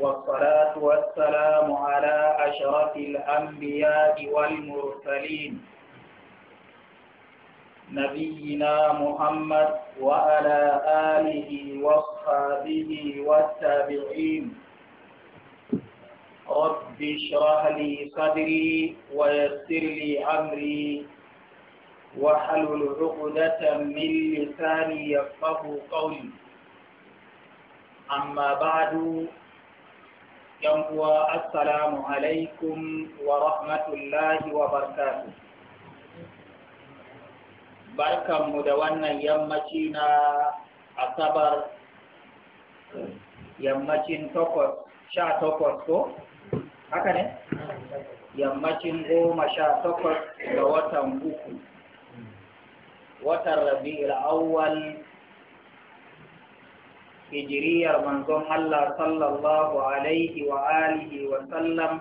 والصلاة والسلام على أشرف الأنبياء والمرسلين نبينا محمد وعلى آله وصحبه والتابعين رب اشرح لي صدري ويسر لي أمري وحلل عقدة من لساني يفقه قولي أما بعد yan uwa assalamu alaikum wa rahmatullahi wa barkatu barkanmu da wannan yammaci na asabar yammacin takwas sha takwas ko haka ne yammacin goma sha takwas ga watan uku watan rabi'ul awwal hijiriyar manzon Allah sallallahu alaihi wa alihi wa sallam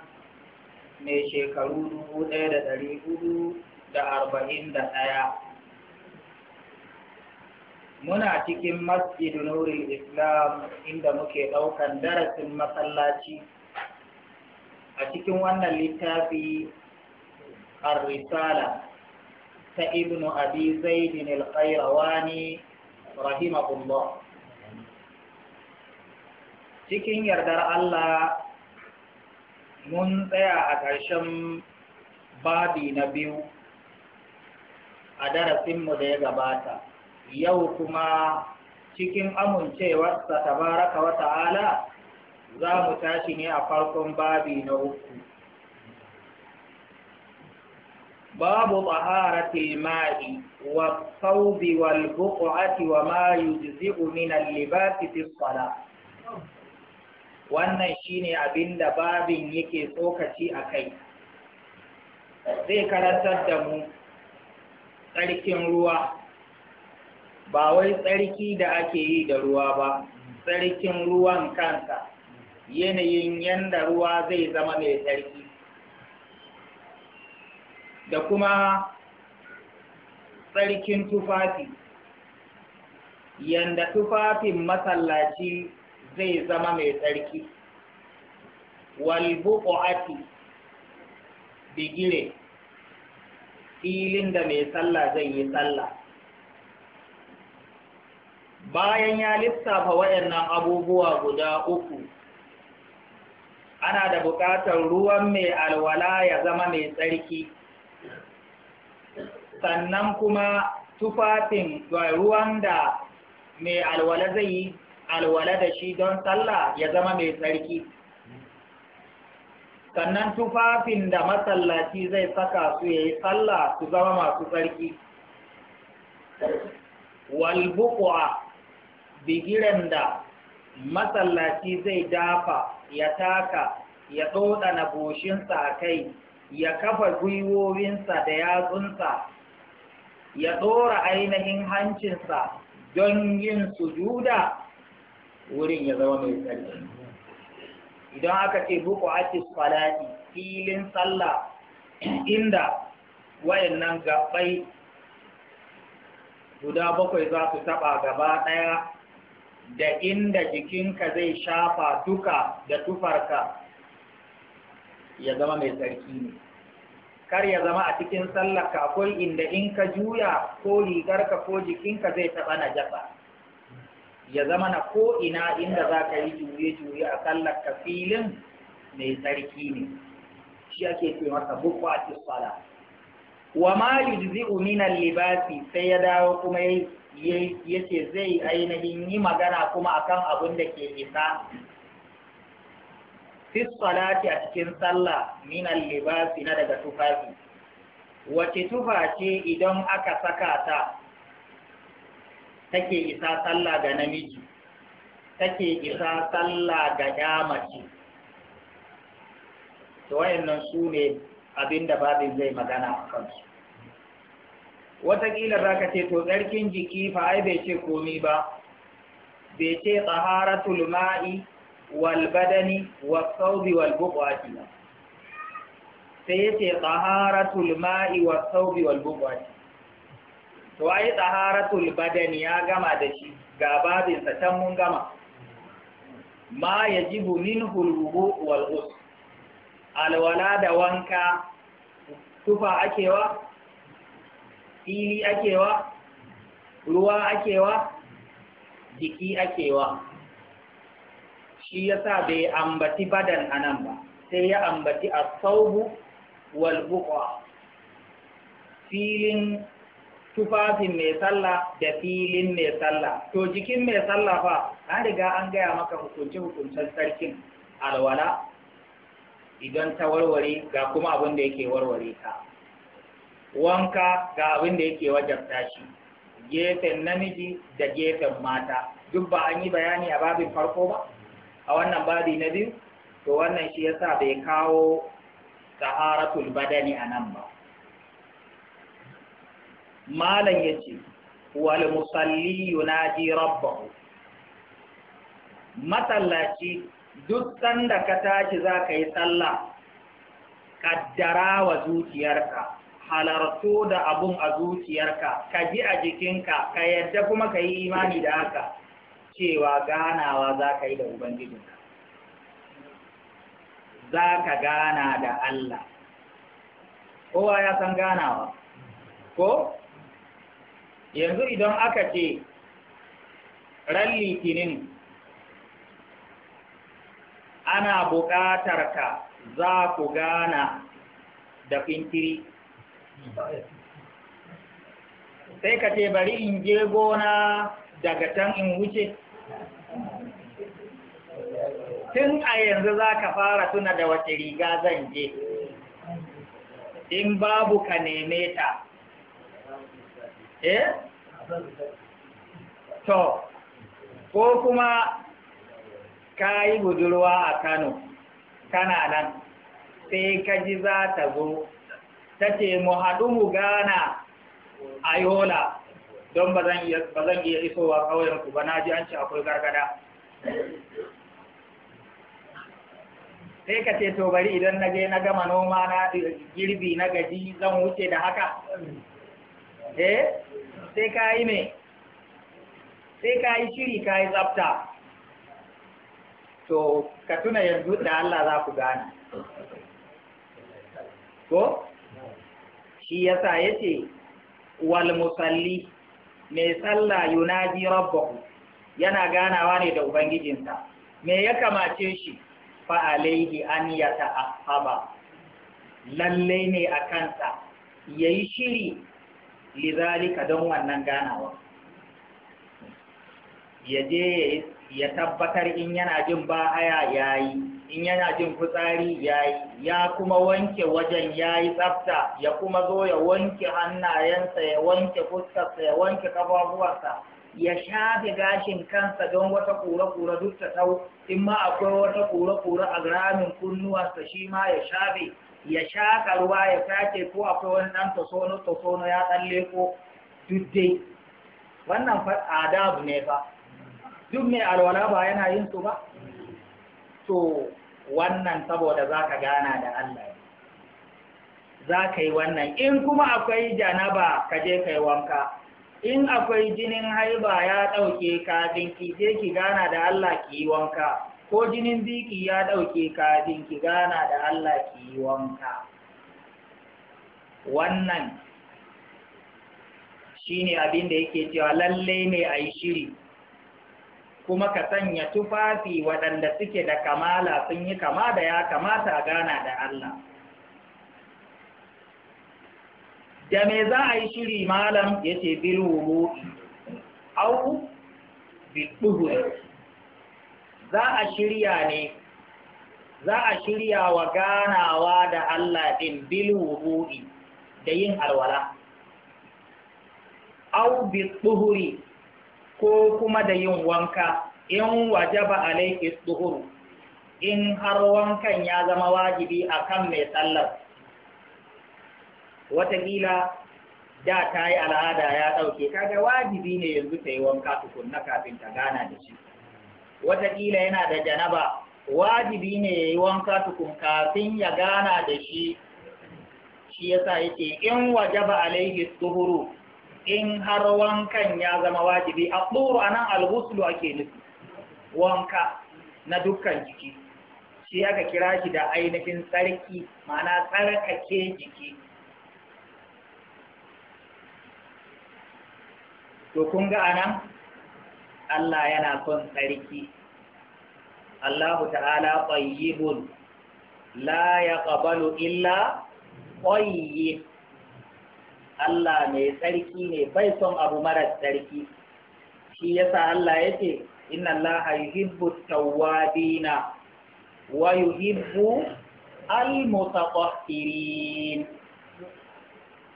mai shekaru dubu ɗaya da ɗari hudu da arba'in da ɗaya. Muna cikin Masjid Nurul Islam inda muke ɗaukan darasin masallaci a cikin wannan littafi risala ta Ibnu Abi Zaidin Al-Qayrawani rahimahullah cikin yardar Allah mun tsaya a ƙarshen babi na biyu a darasinmu da ya gabata yau kuma cikin amincewarsa tabaraka wa ta'ala za mu tashi ne a farkon babi na uku babu taharatil ma'i wa thawbi wal buq'ati wa ma yujzi'u min al-libasi fi salat wannan shine abin da babin yake tsokaci a kai zai karantar da mu tsarkin ruwa ba wai tsarki da ake yi da ruwa ba tsarkin ruwan kansa yanayin yanda ruwa zai zama mai tsarki da kuma tsarkin tufafi yanda tufafin masallaci zai zama mai tsarki walbuƙo'ati bigire filin da mai sallah zai yi sallah bayan ya lissafa waɗannan abubuwa guda uku ana da buƙatar ruwan mai alwala ya zama mai tsarki sannan kuma tufafin ruwan da mai alwala zai yi alwala da shi don sallah ya zama mai sarki. sannan tufafin da masallaci zai saka su ya yi sallah su zama masu sarki. Walbukwa, bigiren da masallaci zai dafa ya taka ya na goshinsa a kai ya kafa gwiwowinsa da yatsunsa ya tsora ainihin hancinsa don yin sujuda wurin ya zama mai tsarki idan aka ce buku ake falati filin sallah inda wayannan gabbai guda bakwai za su taba gaba ɗaya da inda jikinka zai shafa duka da tufarka ya zama mai tsarki ne kar ya zama a cikin sallaka, akwai inda in ka juya ko rigarka ko jikinka zai taɓa najasa ya zama na ko ina inda za ka yi juye-juye a sallar ka filin mai tsarki ne shi ake ce masa cikin sala wa ma yujzi'u uminan libasi sai ya dawo kuma ya ce zai ainihin yi magana kuma akan abin da ke isa fi a cikin sallah minan libasi na daga tufafi wace tufa ce idan aka saka ta take isa sallah ga namiji take isa sallah ga ya mace to wayannan su ne abin da babin zai magana a kansu wataƙila za ka ce to tsarkin jiki fa ai bai ce komi ba bai ce tsaharatul ma'i wal badani wa saubi wal buƙwati sai ya ce tsaharatul ma'i wa saubi wal buƙwati to ai taharatul badani ya gama da shi ga babin sa can mun gama ma yajibu minhu al-wudu wal ghusl alwala da wanka tufa akewa fili akewa ruwa akewa jiki akewa shi ya sa bai ambati badan anan ba sai ya ambati a wal buqa filin tufafin mai sallah da filin mai sallah to jikin mai sallah fa an riga an gaya maka hukunce hukuncen sarkin alwala idan ta warware ga kuma abin da yake warware ta wanka ga abin da yake wajabta shi gefen namiji da gefen mata duk ba an yi bayani a babin farko ba a wannan babi na biyu to wannan shi yasa bai kawo taharatul badani a nan ba malam yace wal musalli yunaji rabbahu masallaci duk sanda ka tashi za ka yi sallah kaddara wa zuciyarka halarto da abun a zuciyarka ka ji a jikinka ka yadda kuma ka yi imani da haka cewa ganawa za ka yi da ubangijinka za ka gana da Allah kowa ya san ganawa ko yanzu idan aka ce ran litinin ana buƙatar ka za ku gana da fintiri sai ka ce bari in je gona daga can in wuce tun a yanzu za ka fara tuna da wace riga zan je in babu ka neme ta eh to ko kuma ka yi budurwa a Kano kana nan sai ka ji za ta zo ta ce mu haɗu mu gana a yola don ba zan iya isowa ƙauyenku ba na ji an ci akwai gargada sai ka ce to bari idan na je na gama noma na girbi na gaji zan wuce da haka eh sai ka yi me sai ka yi shiri ka yi tsafta to ka tuna yanzu da Allah za ku gane ko shi yasa ce wal musalli mai sallah yunaji rabbahu yana ganawa ne da ubangijinsa me ya kamace shi fa alaihi an yata'ahaba lallai ne a kansa yayi shiri lizalika don wannan ganawa ya je ya tabbatar in yana jin ba haya yayi in yana jin fitsari yayi ya kuma wanke wajen yayi tsafta ya kuma zo ya wanke hannayensa ya wanke fuskarsa ya wanke kafafuwarsa ya shafe gashin kansa don wata kura-kura duk ta tau in ma akwai wata kura-kura a ramin kunnuwarsa shi ma ya shafe ya shaƙa ruwa ya sake ko akwai wani ɗan tosono tosono ya tsalle ko duk wannan fa adab ne fa duk mai alwala ba yana yin su ba to wannan saboda za ka gana da Allah za ka yi wannan in kuma akwai janaba ka je ka wanka in akwai jinin haiba ya ɗauke kafin ki je ki gana da Allah ki yi wanka ko jinin ziki ya ɗauke kafin ki gana da Allah ki yi wanka wannan shine abin da yake cewa lalle ne a yi shiri kuma ka sanya tufafi waɗanda suke da kamala sun yi kama da ya kamata a gana da Allah da me za a yi shiri malam ya ce bil au ɗuhu za a shirya ne za a shirya wa ganawa da Allah ɗin bil da yin alwala au bi ko kuma da yin wanka in wajaba alaiki tuhuru, in har wankan ya zama wajibi akan mai sallar watakila da tayi al'ada ya ɗauke kaga wajibi ne yanzu ta yi wanka tukunna kafin ta gana da shi wataƙila yana da janaba wajibi ne ya yi wanka tukun kafin ya gana da shi shi ya sa yake in wajaba alaihi tuhuru in har wankan ya zama wajibi a tsoro a nan alhuslu ake nufi wanka na dukkan jiki shi aka kira shi da ainihin tsarki ma'ana tsarkake jiki to kun ga anan Allah yana son tsarki Allahu ta'ala tayyibun la yaqbalu illa tayyib Allah mai tsarki ne bai son abu mara tsarki shi yasa Allah yake inna Allah yuhibbu tawwabina wa yuhibbu al ƙwa'firin"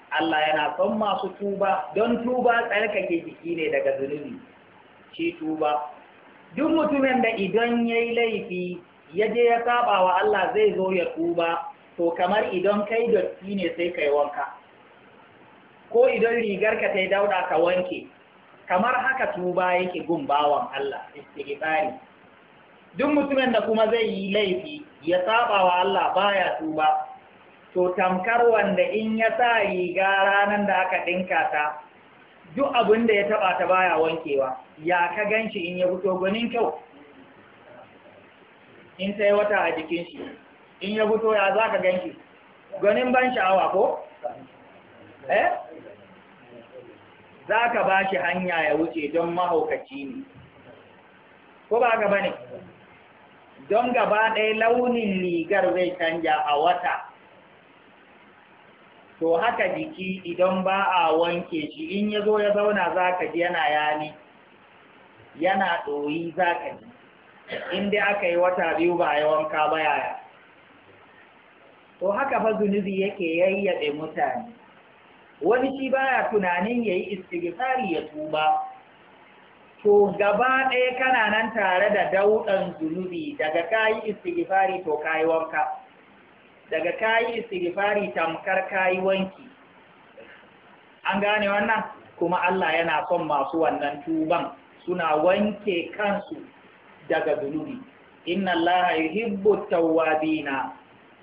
Allah yana son masu tuba don tuba tsarkake jiki ne daga zunubi shi tuba duk mutumin da idan ya yi laifi ya je ya saba wa Allah zai zo ya tuba to kamar idan kai dotti ne sai kai wanka ko idan rigarka ta yi dauda ka wanke kamar haka tuba yake gun bawan Allah istighfari duk mutumin da kuma zai yi laifi ya saba wa Allah baya tuba to tamkar wanda in ya sa riga ranar da aka dinka ta duk abin da ya taba ta baya wankewa ya ka ganshi in ya fito gwanin kyau in sai wata a jikin shi in ya fito ya za ka ganshi gwanin ban sha'awa ko eh za ka ba shi hanya ya wuce don mahaukaci ne ko ba ka ba ne don gaba ɗaya launin ligar zai canja a wata to haka jiki idan ba a wanke shi in ya zo ya zauna za ka ji yana yani yana ɗoyi za ka ji in dai aka yi wata biyu ba a wanka ba yaya to haka fa zunubi yake yayyabe mutane wani shi baya tunanin ya yi istighfari ya tuba to gaba ɗaya kana nan tare da dauɗan zunubi daga kayi istighfari to kayi wanka daga kayi sirifari tamkar kayi wanki an gane wannan kuma Allah yana son masu wannan tuban suna wanke kansu daga zunubi inna Allah yuhibbu tawwabina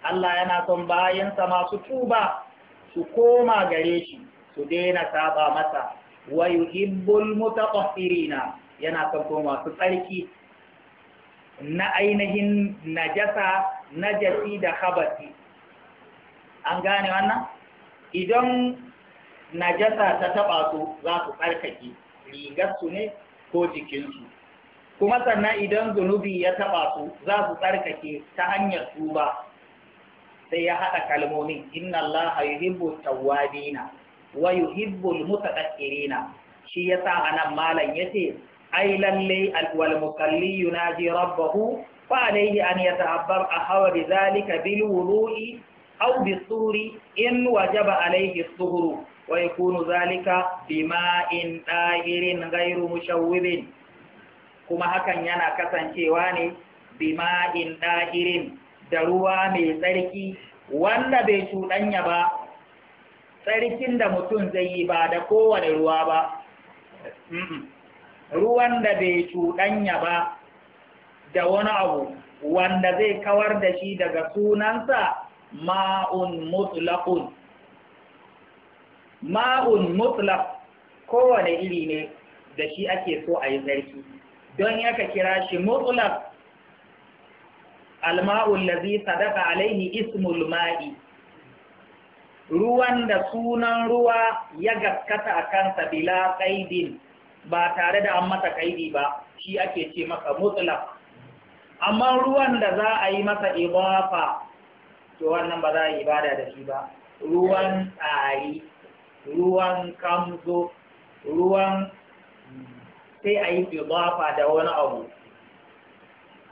Allah yana son bayansa masu tuba su koma gare shi su daina saba masa wa yuhibbu na. yana son masu tsarki na ainihin najasa najasi da habasi an gane wannan idan najasa ta taɓa su za su tsarkake rigarsu ne ko jikinsu kuma sannan idan zunubi ya taɓa su za su tsarkake ta hanyar tuba sai ya haɗa kalmomin inna allaha yuhibbu tawwabina wa yuhibbu na? shi yasa anan malam yace ai lalle alwal na yunaji rabbahu فعليه أن يتعبر أحوى ذلك بالوضوء أو بالطهر إن وجب عليه الطهر ويكون ذلك بماء طاهر غير مشوب كما هكا ينا كسان شيواني بماء طاهر دروا من tsarki. wanda bai cuɗanya ba tsarkin da mutum zai yi ba da kowane ruwa ba ruwan da bai cuɗanya ba da wani abu wanda zai kawar da shi daga sunansa ma'un mutlaqun ma'un mutlaq kowane iri ne da shi ake so a yi zarki don yaka kira shi mutlaq Alma'un lazi sadaka alaihi ismul ma'i ruwan da sunan ruwa ya gaskata a kansa bila kaidin ba tare da an masa kaidi ba shi ake ce maka mutlaq amma ruwan da za a yi masa ibafa to wannan ba za a yi ibada da shi ba ruwan tsari ruwan kamzo ruwan sai a yi ibafa da wani abu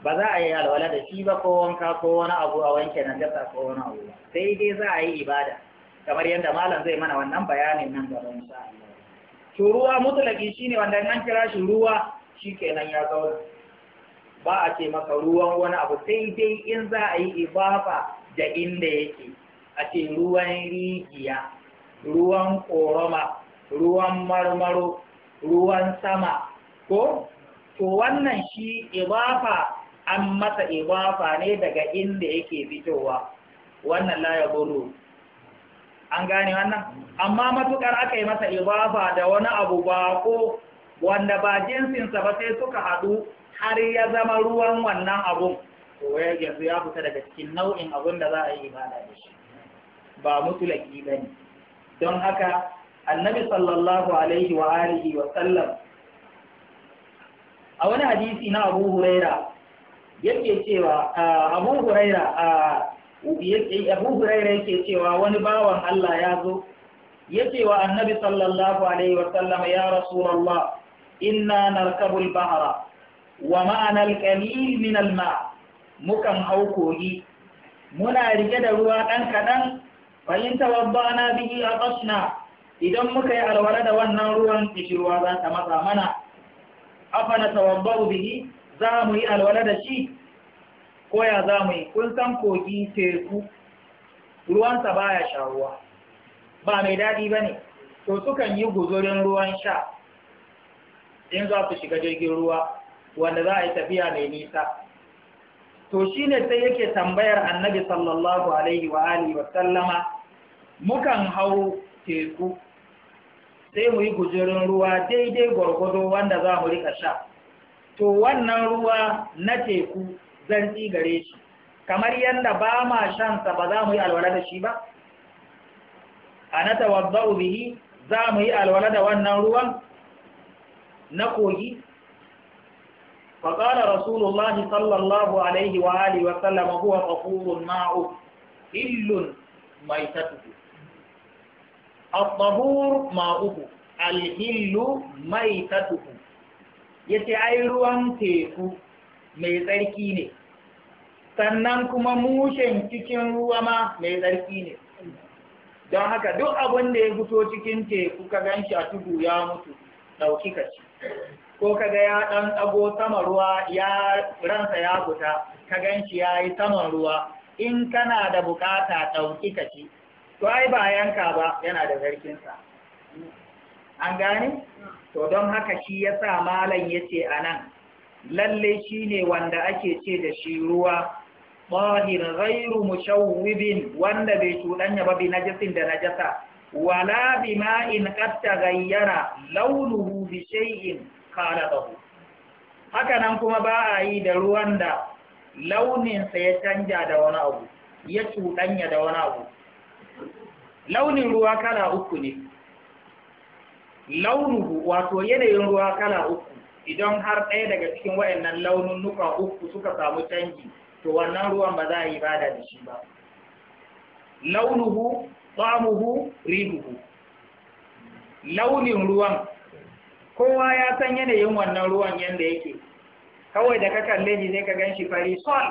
ba za a yi alwala da shi ba ko wanka ko wani abu a wanke nan gasa ko wani abu ba sai dai za a yi ibada kamar yadda malam zai mana wannan bayanin nan gaba insha Allah to ruwa shi shine wanda an kira shi ruwa shikenan ya zauna ba a ce maka ruwan wani abu sai dai in za a yi ibafa da inda yake a ce ruwan rigiya ruwan koroma ruwan marmaro ruwan sama ko to wannan shi ibafa an masa ibafa ne daga inda yake fitowa wannan la ya an gane wannan amma matukar aka yi masa ibafa da wani abu bako wanda ba jinsinsa ba sai suka haɗu har ya zama ruwan wannan abun to yanzu ya fita daga cikin nau'in abun da za a yi ibada da shi ba mutulaki ba ne don haka annabi sallallahu alaihi wa alihi wa sallam a wani hadisi na abu huraira yake cewa abu huraira abu huraira yake cewa wani bawan Allah ya zo yake wa annabi sallallahu alaihi wa sallam ya rasulullah inna narkabul bahra wa ma'anar ƙalil min ma mukan hau kogi muna rike da ruwa ɗan kaɗan fahimta wabba na bihi a ƙasna idan muka yi alware da wannan ruwan kishirwa za ta matsa mana na tawabba'u bihi za mu yi alwala da shi ko ya za mu yi kun san kogi teku ruwansa baya sha ruwa ba mai daɗi ba ne to sukan yi guzurin ruwan sha in za su shiga jirgin ruwa wanda za a yi tafiya mai nisa to shi ne sai yake tambayar annabi sallallahu alaihi wa alihi wa sallama mukan hau teku sai mu yi gujirin ruwa daidai gwargwado wanda za mu rika sha to wannan ruwa na teku zan gare shi kamar yadda ba ma shansa ba za mu yi alwala da shi ba a na tawazza'u bihi za mu yi alwala da wannan ruwan na kogi فقال رسول الله صلى الله عليه وآله وسلم هو غفور معه إل ميتته الطهور ماؤه الهل ميتته yace ai ruwan teku mai موشا تكين sannan kuma mushen don haka duk abin da ya fito cikin teku ka ganshi a tudu ya mutu ɗauki ka ci ko kaga ya ɗan dago sama ruwa ya ransa ya fita ka gan shi ya saman ruwa in kana da bukata ɗauki ka ci to ai ba yanka ba yana da sa an gane to don haka shi ya sa malam ya ce lalle shi wanda ake ce da shi ruwa ɓahir ghairu mushawwibin wanda bai cuɗanya ba bi najasin da najasa wala bi in qad taghayyara bi khalatahu haka nan kuma ba a yi da ruwan da launinsa ya canja da wani abu ya cuɗanya da wani abu launin ruwa kala uku ne launuhu wato yanayin ruwa kala uku idan har ɗaya daga cikin waɗannan nuka uku suka samu canji to wannan ruwan ba za a yi bada da shi ba launuhu tsamuhu riduhu launin ruwan kowa ya san yanayin wannan ruwan yadda yake kawai da ka kalle shi sai ka gan shi fari sol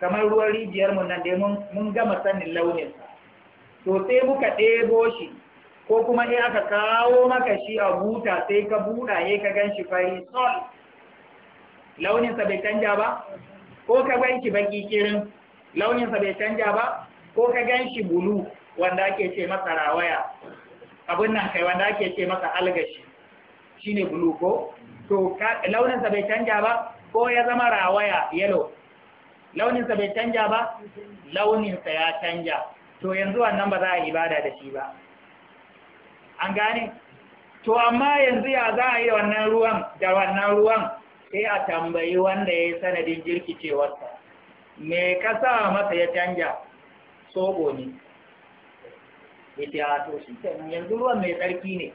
kamar ruwan rijiyar mu nan dai mun gama sanin launin sa to sai muka ɗebo shi ko kuma in aka kawo maka shi a buta sai ka buɗa ya ka gan shi fari sol launin bai canja ba ko ka gan shi baƙi kirin launin bai canja ba ko ka gan shi bulu wanda ake ce masa rawaya abin nan kai wanda ake ce masa algashi shine blue ko to launinsa bai canja ba ko ya zama rawaya yellow launinsa bai canja ba launinsa ya canja to yanzu wannan ba za a ibada da shi ba an gane to amma yanzu ya za a yi wannan ruwan da wannan ruwan sai a tambayi wanda ya yi sanadin jirkicewarsa me ka sa masa ya canja sobo ne ita to shi yanzu ruwan mai tsarki ne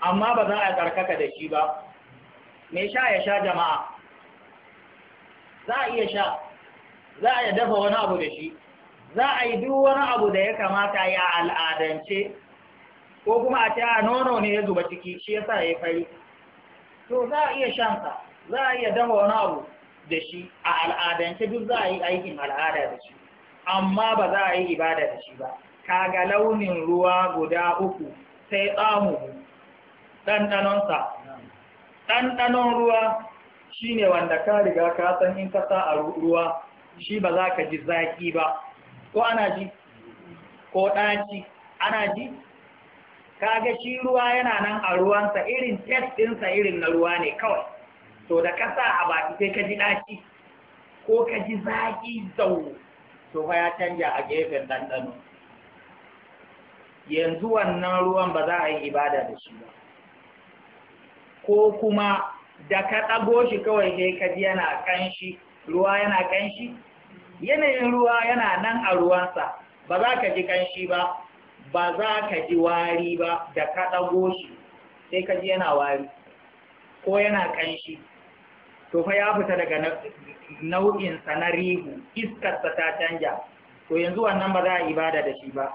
amma ba za a karkaka da shi ba me sha ya sha jama'a za a iya sha za a dafa wani abu da shi za a yi duk wani abu da ya kamata ya al'adance ko kuma a ce nono ne ya zuba ciki shi yasa ya fari to za a iya shansa za a iya dafa wani abu da shi a al'adance duk za a yi aikin al'ada da shi amma ba za a yi ibada da shi ba kaga launin ruwa guda uku sai tsamu ɗanɗanonsa ɗanɗanon ruwa shi ne wanda ka riga ka san in ka sa a ruwa shi ba za ka ji zaƙi ba ko ana ji ko ɗaci ana ji ga shi ruwa yana nan a ruwansa irin test ɗinsa irin na ruwa ne kawai to da ka sa a baki sai ka ji ɗaci ko ka ji zaƙi zau to fa ya canja a gefen ɗanɗano yanzu wannan ruwan ba za a yi ibada da shi ba ko kuma da ka ɗago shi kawai sai ka ji yana ƙanshi ruwa yana ƙanshi yanayin ruwa yana nan a ruwansa ba za ka ji ƙanshi ba ba za ka ji wari ba da ka ɗago shi sai ka ji yana wari ko yana ƙanshi to fa ya fita daga nau'insa na rihu iskarsa ta canja to yanzu wannan ba za a ibada da shi ba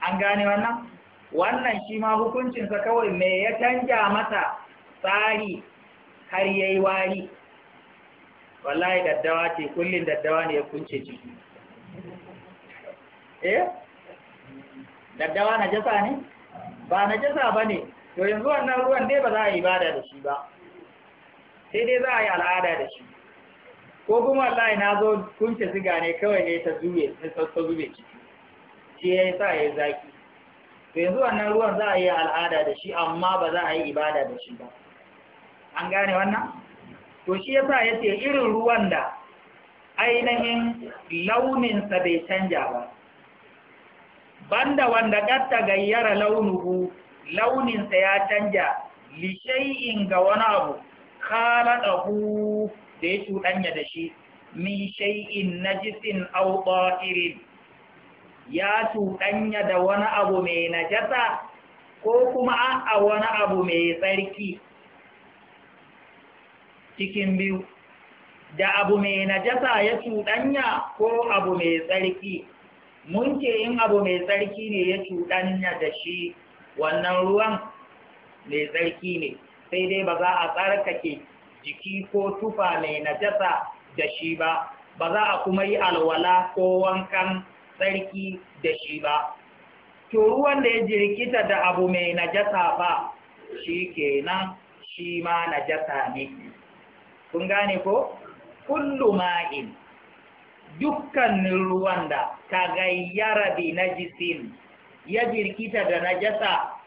an gane wannan wannan shi ma hukuncinsa kawai me ya canja masa tsari har ya yi wari wallahi daddawa ce kullum daddawa ne ya kunce ciki eh daddawa na jasa ne ba na jasa ba ne to yanzu wannan ruwan dai ba za a yi bada da shi ba sai dai za a yi al'ada da shi ko kuma wallahi na zo kunce siga ne kawai ne ta zube ta sassa zube ciki shi ya yi sa ya yi zaki to yanzu wannan ruwan za a yi al'ada da shi amma ba za a yi ibada da shi ba an gane wannan to shi yasa yace irin ruwan da ainihin launinsa bai canja ba banda wanda gatta gayyara launuhu launinsa ya canja in ga wani abu khalaqahu da ya cuɗanya da shi min shay'in najisin aw irin, ya cuɗanya da wani abu mai najasa ko kuma a wani abu mai tsarki cikin biyu da abu mai najasa ya cuɗanya ko abu mai tsarki mun ke yin abu mai tsarki ne ya cuɗanya da shi wannan ruwan mai tsarki ne sai dai ba za a tsarkake jiki ko tufa mai najasa da shi ba ba za a kuma yi alwala ko wankan tsarki da shi ba to ruwan da ya jirkita da abu mai najasa ba shi kenan shi ma najasa ne kun gane ko kullu ma'in dukkanin ruwan da ka gayyara bi jisin ya jirkita da na jasa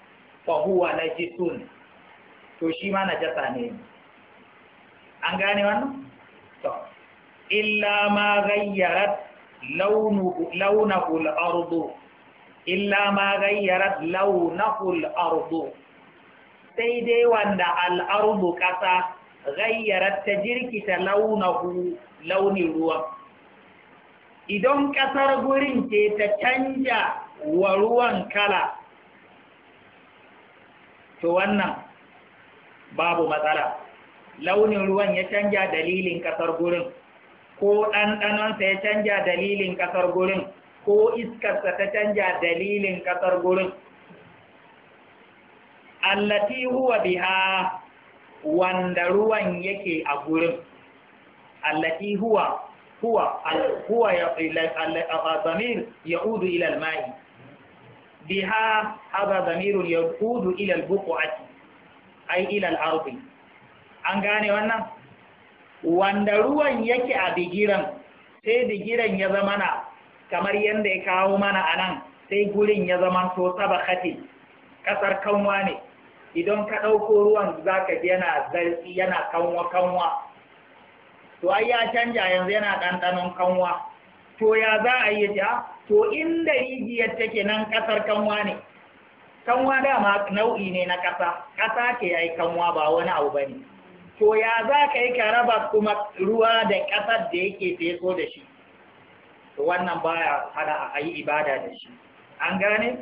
fahuwa na jisun to shi ma na jasa ne an gane wannan to illa ma gayyarat launahu illa ma gayyarat launahu sai dai wanda al ƙasa. ghayyarat ta jirkita launahu launin ruwan idan ƙasar gurin ce ta canja wa ruwan kala to wannan babu matsala launin ruwan ya canja dalilin ƙasar gurin ko ɗanɗanonsa ya canja dalilin ƙasar gurin ko iskarsa ta canja dalilin ƙasar gurin allati huwa biha wanda ruwan yake a gurin allati huwa huwa huwa zamir yaudu ila al-ma'i biha hada zamirun yaudu ila al-buqati ai ila al-ardi an gane wannan wanda ruwan yake a bigiran sai bigiran ya zama na kamar yadda ya kawo mana a nan sai gurin ya zama to sabakati kasar kanwa ne idan ka ɗauko ruwan za ka ji yana zarfi yana kanwa kanwa to ai ya canja yanzu yana ɗanɗanon kanwa to ya za a yi ja ah, to inda rijiyar take nan ƙasar kanwa ne kanwa dama nau'i ne na ƙasa ƙasa ke yi kanwa ba wani abu bane to ya za ka yi karaba kuma ruwa da ƙasar da yake feso da shi to wannan baya hada a yi ibada da shi an gane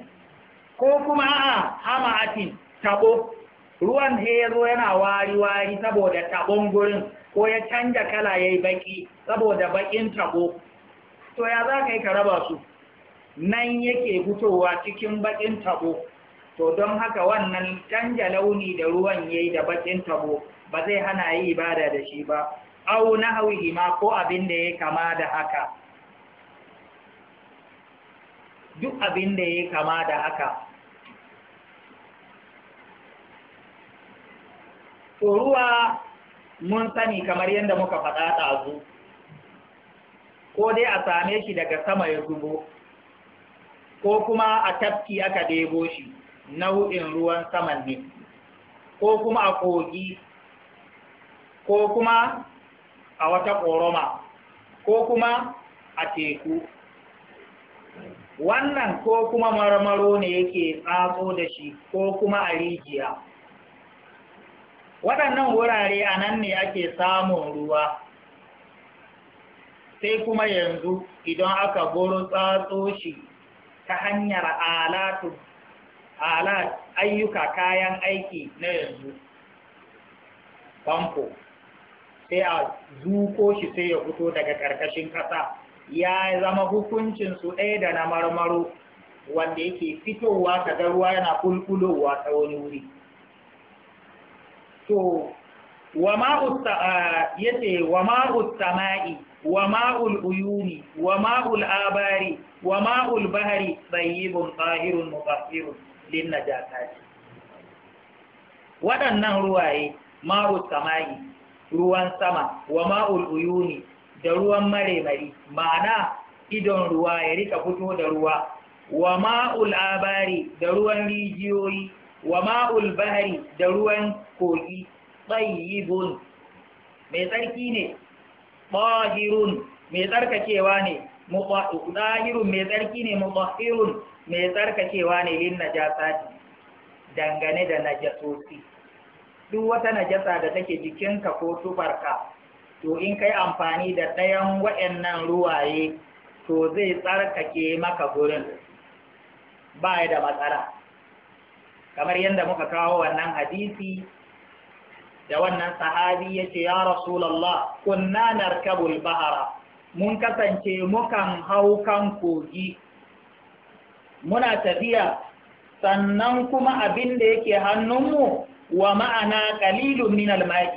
ko kuma a'a hama atin tabo ruwan he ya zo yana wari-wari saboda tabon gurin ko ya canja kala ya yi baki saboda bakin tabo to ya za ka yi ka raba su nan yake fitowa cikin bakin tabo to don haka wannan canja launi da ruwan ya yi da bakin tabo ba zai hana yi ibada da shi ba au na hauhi ma ko abin da ya kama da haka duk abin da ya kama da haka to ruwa mun sani kamar yadda muka faɗa ɗazu ko dai a same shi daga sama ya zubo ko kuma a tafki aka debo shi nau'in ruwan saman ne ko kuma a kogi ko kuma a wata ƙoroma ko kuma a teku wannan ko kuma marmaro ne yake tsatso da shi ko kuma a rijiya waɗannan wurare a nan ne ake samun ruwa sai kuma yanzu idan aka goro tsatso shi ta hanyar alatu alat ayyuka kayan aiki na yanzu famfo sai a zuko shi sai ya fito daga ƙarƙashin ƙasa ya zama hukuncinsu ɗaya da na marmaro wanda yake fitowa daga ruwa yana kulkulowa ta wani wuri to wa ma'u yace wa ma sama'i wa ma'ul uyuni wa ma'ul abari wa ma'ul bahari tayyibun tahirun mutahhirun lin najasati waɗannan ruwaye ma sama'i ruwan sama wa ma'ul uyuni da ruwan maremari ma'ana idon ruwa ya rika fito da ruwa wa ma'ul abari da ruwan rijiyoyi wa ma'ul bahari da ruwan kogi tsayibun mai tsarki ne tsahirun mai tsarkakewa ne tsahirun mai tsarki ne tsahirun mai tsarkakewa ne lin najasati dangane da najasosi duk wata najasa da take jikinka ko tubarka to in kai amfani da ɗayan waɗannan ruwaye to zai tsarkake maka gurin ba da matsala kamar yadda muka kawo wannan hadisi da wannan sahabi ya ce ya rasulallah kunna narkabul bahara mun kasance mukan hau kan kogi muna tafiya sannan kuma abin da yake hannunmu wa ma'ana qalilun min alma'i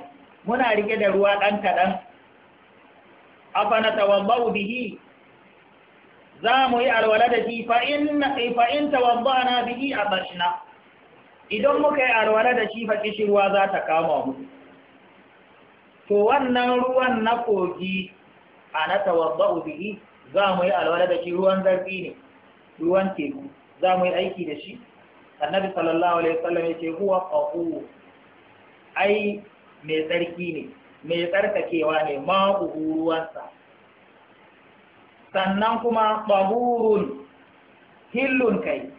muna rike da ruwa ɗan kaɗan afana tawallahu bihi za mu yi alwala da shi fa in tawaddana bihi abashna idan muka yi arware da shi faƙi shi ruwa za ta kama mu to wannan ruwan na kogi a na tawadda bihi za mu yi alware da shi ruwan zarfi ne ruwan teku za mu yi aiki da shi annabi sallallahu alaihi wasallam ya ce huwa qahu ai mai tsarki ne mai tsarkakewa ne ma ruwansa sannan kuma tahurun hillun kai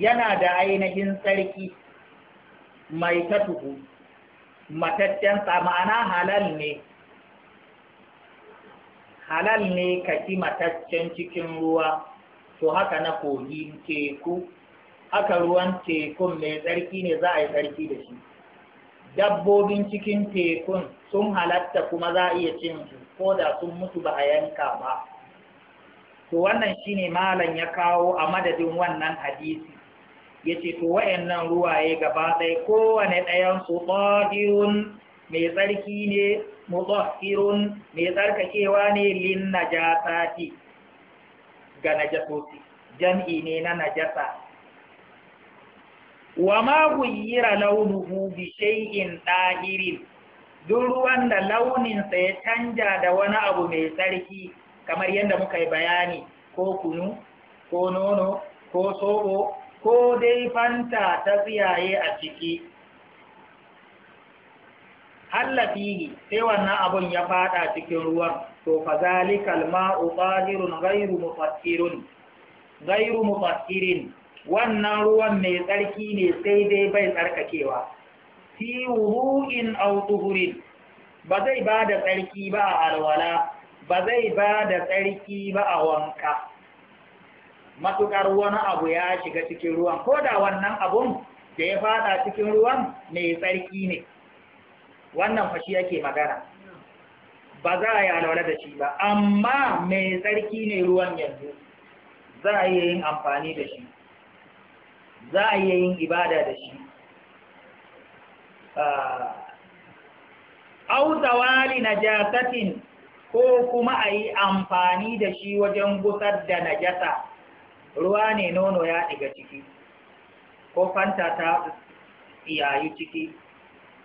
yana da ainihin sarki mai tuhu ma'ana halal ne halal ne ka ci mataccen cikin ruwa to haka na kogi teku haka ruwan tekun mai tsarki ne za a yi tsarki da shi dabbobin cikin tekun sun halatta kuma za a iya cin su ko da sun mutu ba a yanka ba to wannan shine malam ya kawo a madadin wannan hadisi ya ce to wayannan ruwaye gaba ɗaya kowane ɗayan su ɗahirun mai tsarki ne mutahhirun mai tsarkakewa ne lin najasati ga najasoti jam'i ne na najasa wa ma launu launuhu bi shay'in ɗahirin duk ruwan da launinsa ya canja da wani abu mai tsarki kamar yadda muka yi bayani ko kunu ko nono ko sobo ko dai fanta ta tsiyaye a ciki Hallafi sai wannan abun ya fada cikin ruwan to fa zalikal ma'u qadirun ghayru mufassirun ghayru mufassirin wannan ruwan mai tsarki ne sai dai bai tsarkakewa fi wudu'in aw tuhurin ba zai ba da tsarki ba a alwala ba zai ba da tsarki ba a wanka matukar wani abu ya shiga cikin ruwan ko da wannan abun da ya fada cikin ruwan mai tsarki ne wannan fashi yake magana ba za a yi alwala da shi ba amma mai tsarki ne ruwan yanzu za a iya yin amfani da shi za a iya yin ibada da shi ah, na jasatin ko kuma a yi amfani da shi wajen gusar da najasa ruwa ne nono ya ɗiga ciki ko fanta ta yayi ciki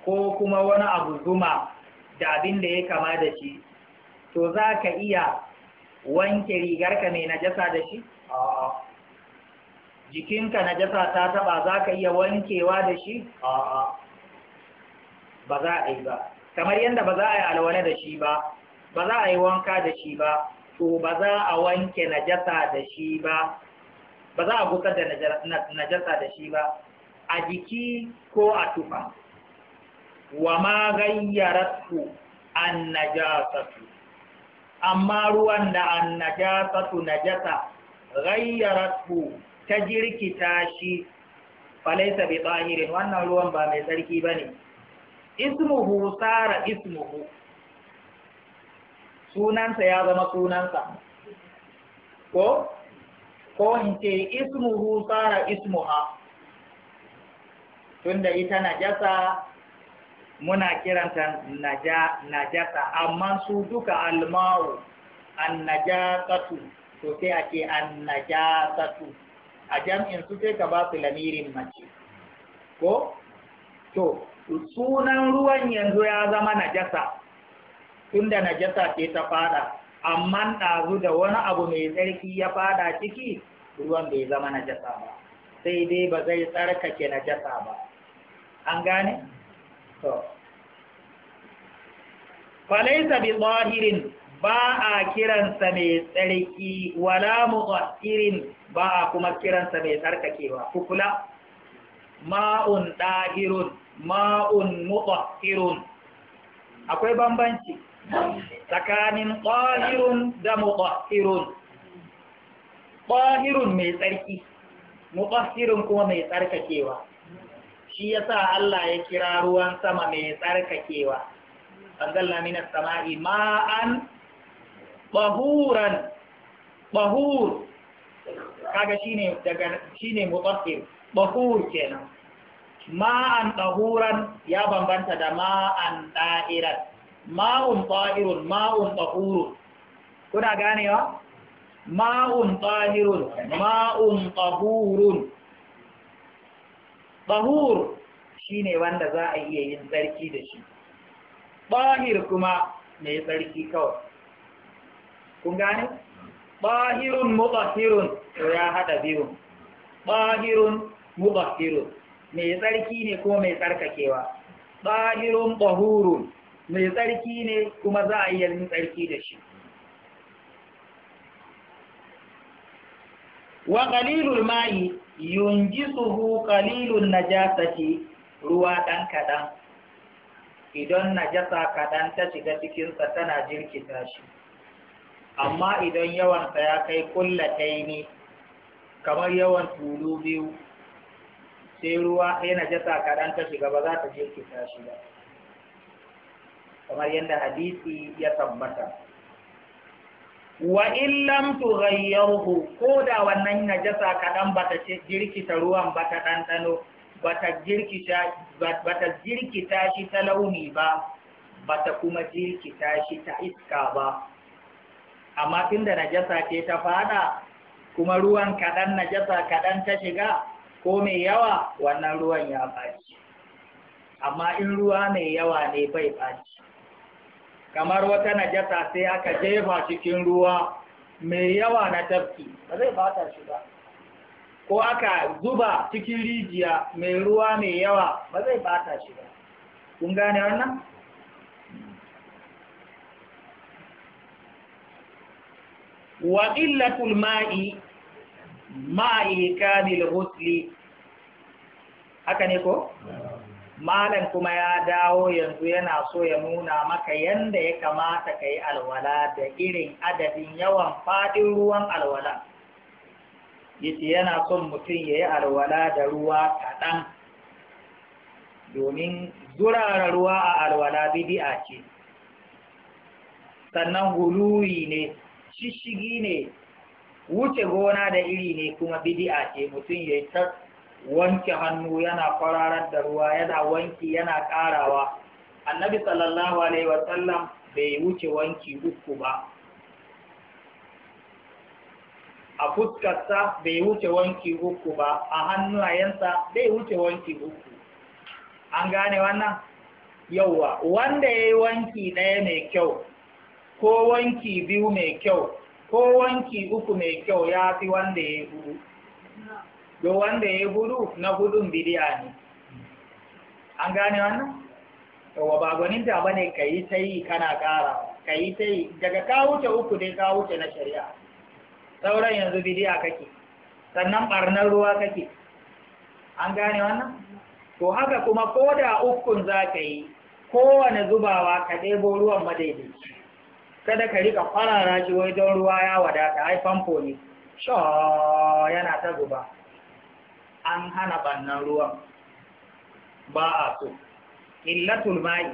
ko kuma wani abu zuma da abin da ya kama da shi to za ka iya wanke rigarka mai najasa da shi? jikinka najasa ta taba za ka iya wankewa da shi? ba za a yi ba kamar yadda ba za a yi alwala da shi ba ba za a yi wanka da shi ba to ba za a wanke najasa da shi ba ba za a gusar da najasa da shi ba a jiki ko a tufa wa ma gayyaratu an najasatu amma ruwan da an najasatu najasa gayyaratu ta jirkita shi falaisa bi tsahirin wannan ruwan ba mai tsarki ba ne ismuhu tsara ismuhu sunansa ya zama sunansa ko ko in ce ismuhu tsara ismuha tunda ita najasa muna kiranta naja najasa amma su duka almaru annajasatu to sai a ce annajasatu a jam'in su sai ka ba su lamirin mace ko to sunan ruwan yanzu ya zama najasa tunda najasa ce ta fada amma ɗazu da wani abu mai tsarki ya fada ciki ruwan bai zama na jasa ba sai dai ba zai tsarkake jasa ba an gane to falaisa bi zahirin ba a kiransa mai tsarki wala muqaddirin ba a kuma kiransa mai tsarkakewa kukula ma'un dahirun ma'un muqaddirun akwai bambanci tsakanin ƙwahirun da muƙwahirun ƙwahirun mai tsarki muƙwahirun kuma mai tsarkakewa shi ya sa Allah ya kira ruwan sama mai tsarkakewa anzalna mina sama'i ma'an ɓahuran ɓahur kaga ne daga shine mutaffir bahur kenan ma'an ɓahuran ya bambanta da ma'an da'iran ma'un ta'irun ma'un tsahurun kuna ganewa ma'un ta'irun ma'un tsahurun shi shine wanda za a iya yin tsarki da shi tsahir kuma mai tsarki kawai kun gane tsahirun mutahirun to ya hada biyu tsahirun mutahirun mai tsarki ne ko mai tsarkakewa tsahirun tsahurun mai tsarki ne kuma za a yi tsarki da shi wa ƙalilul ma'i yunjisuhu qalilun najasati ruwa ɗan kaɗan. idan najasa kaɗan ta shiga cikinsa, tana jirkita shi amma idan yawan ya kai ne, kamar yawan tulu biyu sai ruwa ɗaya najasa kaɗan ta shiga ba za ta jirkita shi ba kamar yadda hadisi ya tabbata wa in tughayyirhu ko da wannan najasa kadan bata jirkita ruwan bata dandano bata jirkita bata jirkita shi ta launi ba bata kuma jirkita shi ta iska ba amma tunda najasa ce ta fada kuma ruwan kadan najasa kadan ta shiga ko mai yawa wannan ruwan ya baci amma in ruwa mai yawa ne bai baci kamar wata najasa sai aka jefa cikin ruwa mai yawa na tafki ba zai bata shi ba ko aka zuba cikin rijiya mai ruwa mai yawa ba zai bata shi ba kun gane wannan wa illatul ma'i ma'i kamil husli haka ne ko yeah. malam kuma ya dawo yanzu yana so ya nuna maka yanda ya kamata ka yi alwala da irin adadin yawan faɗin ruwan alwala yace yana son mutum ya yi alwala da ruwa kaɗan domin zurara ruwa a alwala bidi'a ce sannan Huluri ne shishigi ne wuce gona da iri ne kuma bidi'a ce mutum ya yi wanke hannu yana kwararar da ruwa yana wanki yana ƙarawa annabi sallallahu alaihi sallam bai wuce wanki uku ba a fuskarsa bai wuce wanki uku ba a hannayensa bai wuce wanki uku an gane wannan yauwa wanda ya yi wanki ɗaya mai kyau ko wanki biyu mai kyau ko wanki uku mai kyau ya fi wanda ya yi hudu do wanda ya hudu na gudun bidiya ne an gane wannan yawa ba gwaninta ba ne ka yi ta yi kana ƙara ka yi ta yi daga ka wuce uku dai ka wuce na shari'a sauran yanzu bidiya kake sannan ɓarnar ruwa kake an gane wannan to haka kuma ko da ukun za ka yi kowane zubawa ka ɗebo ruwan madaidaici kada ka rika kwarara shi wai don ruwa ya wadata ai famfo ne sho yana ta zuba an hana bannan ruwan ba a so illatul mai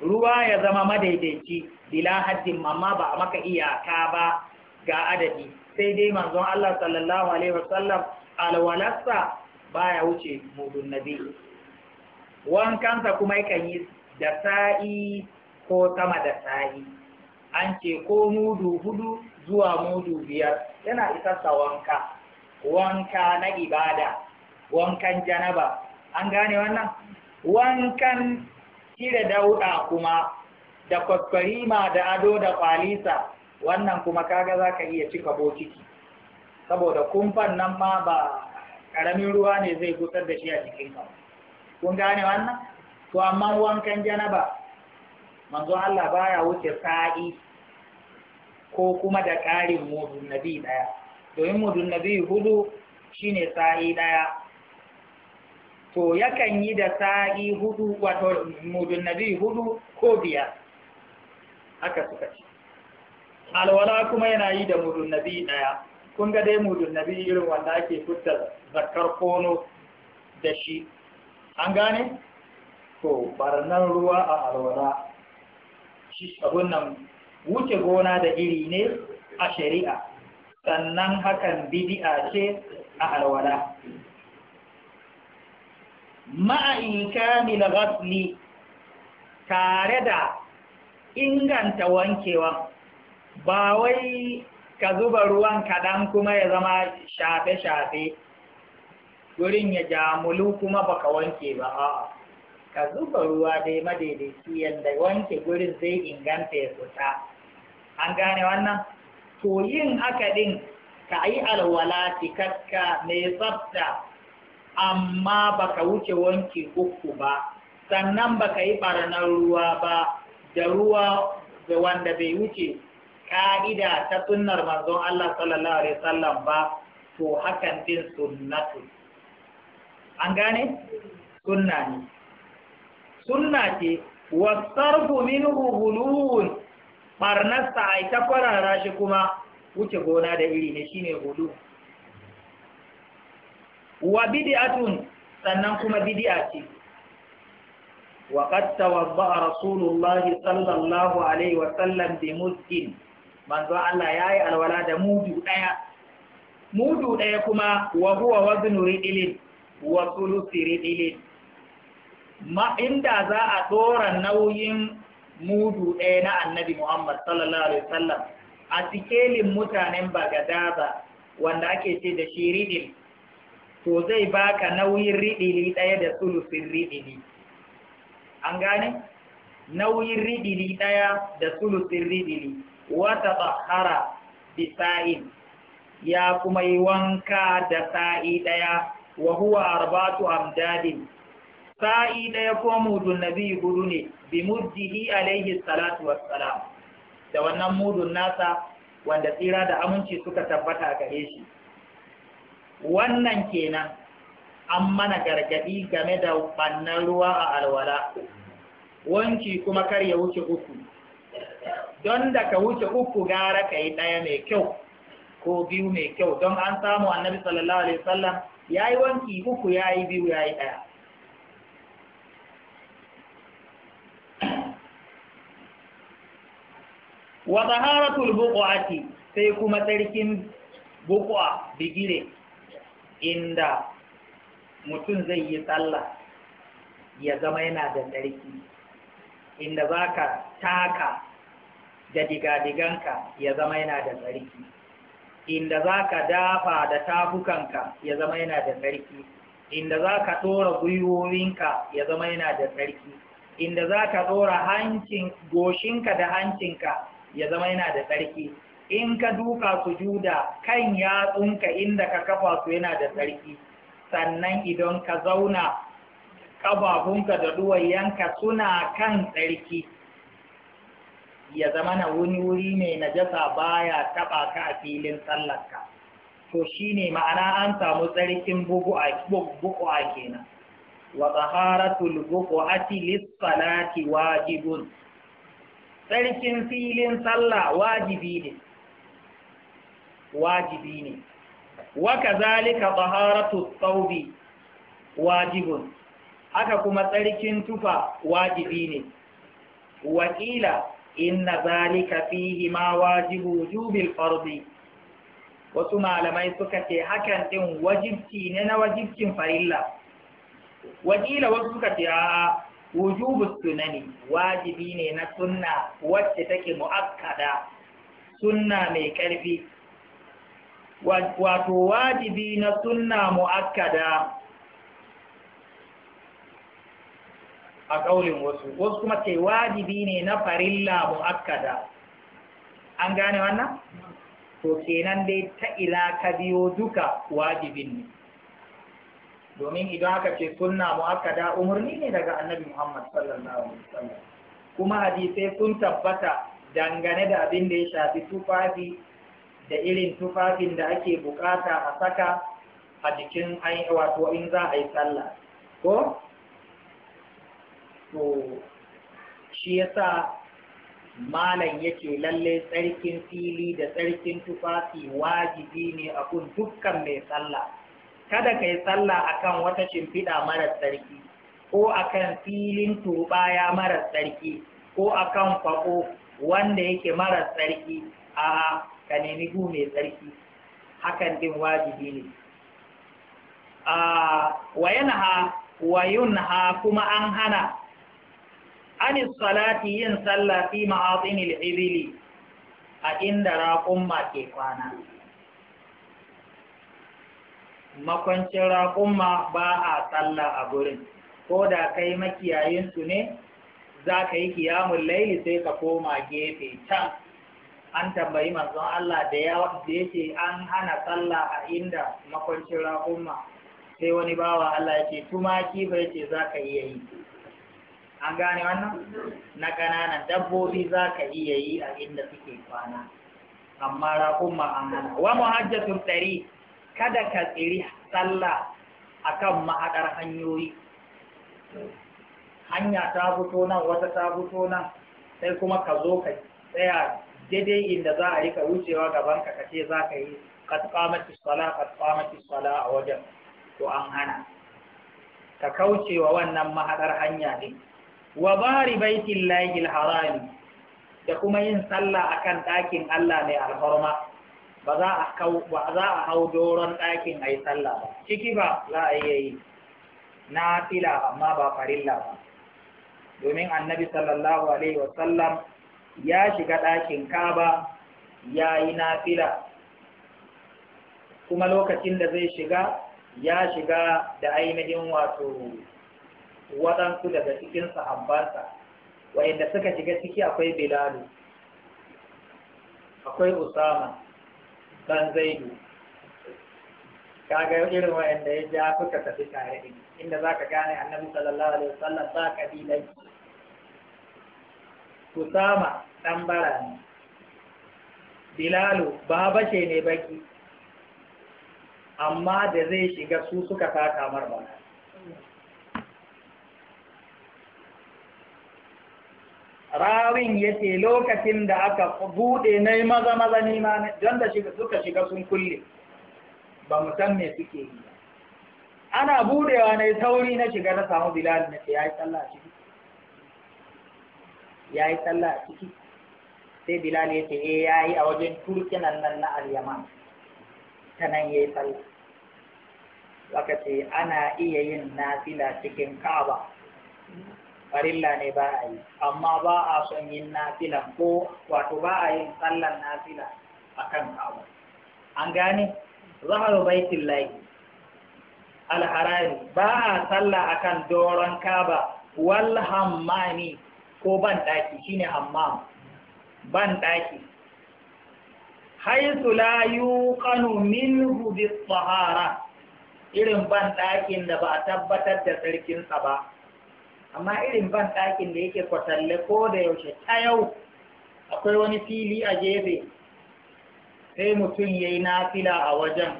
ruwa ya zama madaidaici bila haddin amma ba a maka iyaka ba ga adadi sai dai manzon Allah sallallahu alaihi wasallam ba baya wuce mudun nabi wankansa kuma yakan yi da sa'i ko sama da sa'i an ce ko mudu hudu zuwa mudu biyar yana isa wanka wanka na ibada wankan janaba an gane wannan wankan cire dauda kuma da kwakwarima da ado da kwalisa wannan kuma kaga za ka iya cika bokiti saboda kumfan nan ma ba ƙaramin ruwa ne zai gusar da shi a jikin kun gane wannan to amma wankan janaba manzo Allah baya wuce sa'i ko kuma da ƙarin na nabi ɗaya domin mudun biyu hudu shine sa'i ɗaya. to yakan yi da sa'i hudu wato mudun biyu hudu ko biyar haka suka ce alwala kuma yana yi da mudun biyu ɗaya. kun ga dai mudun biyu irin wanda ake fitar zakar kono da shi an gane to barnan ruwa a alwala shi abun nan wuce gona da iri ne a shari'a sannan hakan bidi'a ce a alwala ma'a ikamil ghasli tare da inganta wankewa ba wai ka zuba ruwan kaɗan kuma ya zama shafe-shafe wurin ya jamulu kuma baka wanke ba a ka zuba ruwa dai madaidaici yadda wanke gurin zai inganta ya fita an gane wannan to yin haka din ka yi alwala cikakka mai tsafta amma baka wuce wanki uku ba sannan baka yi ɓaranar ruwa ba da ruwa da wanda bai wuce ka'ida ta sunnar manzon Allah sallallahu alaihi wasallam ba to hakan din sunnatu an gane sunna ne sunna ce wasarfu minhu bulun barnasta a ita kwarara shi kuma wuce gona da iri ne ne hudu wa tun sannan kuma bidi'a ce wa qad tawadda rasulullahi sallallahu alaihi wa sallam bi muskin manzo Allah yayi alwala da mudu daya mudu daya kuma wa huwa waznu ridilin wa thuluthi ridilin ma inda za a dora nauyin mudu ɗaya na annabi Muhammad sallallahu alaihi wasallam a sikelin mutanen Bagadaza wanda ake ce da shi to zai baka nauyin riɗili ɗaya da sulusin riɗili an gane nauyin riɗili ɗaya da riɗili wata tsahara bisa'in ya kuma yi wanka da sa'i ɗaya wa huwa arbatu amdadin sa'i ɗaya ko mudun nabi guru ne bi mujjihi alaihi salatu wassalam da wannan mudun nasa wanda tsira da aminci suka tabbata a gare shi wannan kenan an mana gargaɗi game da bannan ruwa a alwala wanki kuma kar ya wuce uku don da ka wuce uku gara ka yi ɗaya mai kyau ko biyu mai kyau don an samu annabi sallallahu alaihi wasallam ya yi wanki uku ya yi biyu ya yi ɗaya wa taharatul buqati sai kuma tsarkin buqa bigire inda mutum zai yi sallah ya zama yana da tsarki inda zaka taka da digadiganka ya zama yana da tsarki inda zaka dafa da tafukanka ya zama yana da tsarki inda za ka ɗora gwiwowinka ya zama yana da tsarki inda za ka ɗora goshinka da hancinka ya zama yana da tsarki in ka duka su juda, kan yatsunka inda ka kafa su yana da tsarki sannan idan ka zauna ƙafafunka da duwayanka suna kan tsarki ya zama na wani wuri mai najasa baya taɓa ka a filin sallarka to shine ma'ana an samu tsarkin a kenan wa taharatul a lis-salati wajibun tsarkin filin sallah wajibi ne wajibi ne wa kazalika taharatu tsaubi wajibun haka kuma tsarkin tufa wajibi ne wakila inna zalika fihi ma wajibu jubil fardi wasu malamai suka ce hakan din wajibci ne na wajibcin farilla wakila wasu suka ce a'a wujubu sunani wajibi ne na sunna wacce take mu'akkada sunna mai ƙarfi wato wajibi na sunna mu'akkada a ƙaurin wasu wasu kuma ce wajibi ne na farilla mu'akkada an gane wannan to kenan dai ta ila ka biyo duka wajibin ne domin idan aka ce sunna muakkada umarni ne daga annabi Muhammad sallallahu alaihi wasallam kuma hadisai sun tabbata dangane da abin da ya shafi tufafi da irin tufafin da ake bukata a saka a jikin wato in za a yi sallah ko to shi yasa malam yake lalle tsarkin fili da tsarkin tufafi wajibi ne a kun dukkan mai sallah kada ka yi sallah kan wata shimfiɗa marar tsarki ko a kan filin turɓaya marar tsarki ko a kan kwako wanda yake marar tsarki a ka nemi gu mai tsarki hakan din wajibi ne a wayanha wayunha kuma an hana anis salati yin sallah fi ma'atinil ibili a inda raƙumma ke kwana makwancin raƙumma ba a tsalla a gurin ko da kai makiyayinsu ne za ka yi kiyamun laili sai ka koma gefe can an tambayi manzon Allah da ya ce an hana tsalla a inda makwancin raƙumma sai wani bawa Allah ya ce tumaki bai ce za ka iya yi an gane wannan na ƙananan dabbobi za ka iya yi a inda suke kwana amma raƙumma an hana wa muhajjatul ɗari kada ka tsiri sallah akan mahaɗar hanyoyi hanya ta fito nan wata ta fito nan sai kuma ka zo ka tsaya daidai inda za a yi ka wucewa gaban ka kace za ka yi qad qamati sala qad qamati sala a wajen to an hana ka kaucewa wannan mahaɗar hanya ne wa bari baitillahi alharami da kuma yin sallah akan ɗakin Allah mai alhorma ba za a kau ba za a hau doron ɗakin a yi sallah ba ciki ba za a iya yi na fila amma ba farilla ba domin annabi sallallahu alaihi wa sallam ya shiga ɗakin kaba ya yi na fila kuma lokacin da zai shiga ya shiga da ainihin wato waɗansu daga cikin sahabbansa wa'inda suka shiga ciki akwai bilalu akwai usama ɗan zaidu kaga irin wa'anda ya ja suka tafi tare din inda za ka gane annabi sallallahu alaihi wasallam ba kabilan Kusama ɗan bara ne Bilalu ba bashe ne baki amma da zai shiga su suka taka marmara rawin ya ce lokacin da aka bude na yi maza maza nima don da suka shiga sun kulle ba mu san me suke yi ana budewa na yi sauri na shiga na samu bilal na ce ya yi tsalla a ciki ya yi tsalla a ciki sai bilal ya ce eh ya yi a wajen turkinan nan na alyaman ta nan ya yi tsalla ana iya yin nafila cikin kaba farilla ne ba a yi amma ba a son yin nafila ko wato ba a yin sallar nafila a kan kawo an gane zahar baitin layi alharari ba a salla a kan doron kaba wal hammami ko ban ɗaki ne hammam ban ɗaki haisu la min hudu irin ban ɗakin da ba a tabbatar da tsarkinsa ba amma irin ban ɗakin da yake kwatalle ko da yaushe ta yau akwai wani fili a gefe sai mutum ya yi nafila a wajen